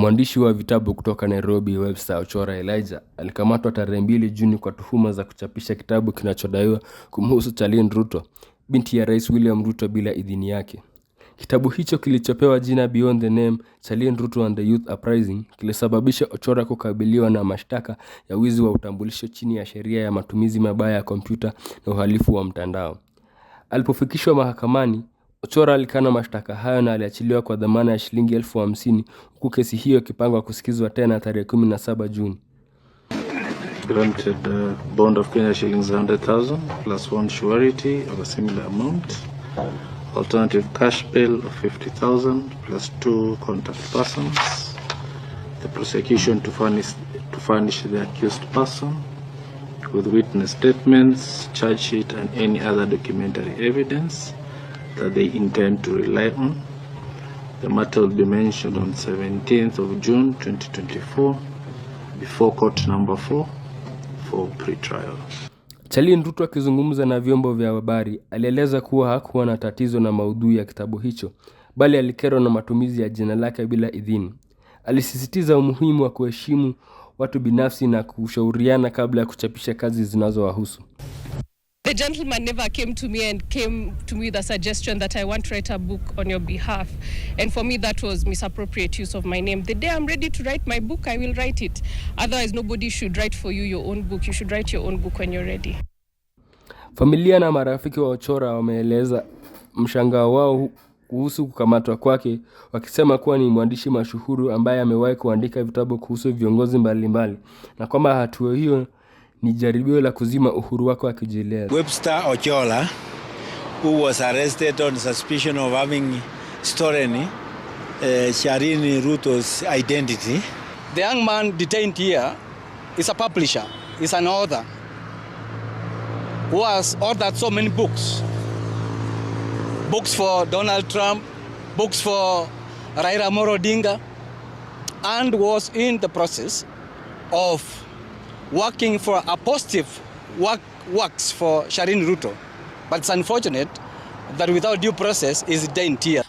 Mwandishi wa vitabu kutoka Nairobi Webster Ochora Elijah alikamatwa tarehe mbili Juni kwa tuhuma za kuchapisha kitabu kinachodaiwa kumhusu Charlene Ruto, binti ya Rais William Ruto bila idhini yake. Kitabu hicho kilichopewa jina Beyond the Name, Charlene Ruto and the Youth Uprising kilisababisha Ochora kukabiliwa na mashtaka ya wizi wa utambulisho chini ya sheria ya matumizi mabaya ya kompyuta na uhalifu wa mtandao. Alipofikishwa mahakamani, ochora alikana mashtaka hayo na aliachiliwa kwa dhamana ya shilingi elfu hamsini huku kesi hiyo ikipangwa kusikizwa tena tarehe 17 Juni. Granted uh, bond of Kenya shillings 100,000 plus one surety of a similar amount. Alternative cash bail of 50,000 plus two contact persons. The prosecution to furnish, to furnish the accused person with witness statements, charge sheet and any other documentary evidence that they intend to rely on. The matter will be mentioned on 17th of June 2024 before court number 4 for pre-trial. Charlene Ruto akizungumza na vyombo vya habari alieleza kuwa hakuwa na tatizo na maudhui ya kitabu hicho, bali alikerwa na matumizi ya jina lake bila idhini. Alisisitiza umuhimu wa kuheshimu watu binafsi na kushauriana kabla ya kuchapisha kazi zinazowahusu the gentleman never came to me and came to me with a suggestion that I want to write a book on your behalf. And for me, that was misappropriate use of my name. The day I'm ready to write my book, I will write it. Otherwise, nobody should write for you your own book. You should write your own book when you're ready. Familia na marafiki wa Ochora wameeleza mshangao wao kuhusu kukamatwa kwake, wakisema kuwa ni mwandishi mashuhuru ambaye amewahi kuandika vitabu kuhusu viongozi mbalimbali mbali, na kwamba hatua hiyo ni jaribio la kuzima uhuru wako wa kujieleza. Webster Ochola who was arrested on suspicion of having stolen uh, eh, Sharini Ruto's identity. The young man detained here is a publisher, is an author who has authored so many books. Books for Donald Trump, books for Raila Amolo Odinga and was in the process of working for a positive work, works for Sharin Ruto. But it's unfortunate that without due process is denied here.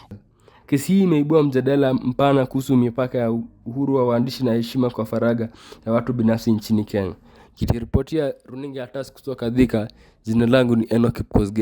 Kesi hii imeibua mjadala mpana kuhusu mipaka ya uhuru wa waandishi na heshima kwa faraga ya watu binafsi nchini Kenya. Nikiripoti ya runinga ya TAS kutoka Thika, jina langu ni Enoch Kipkosgei.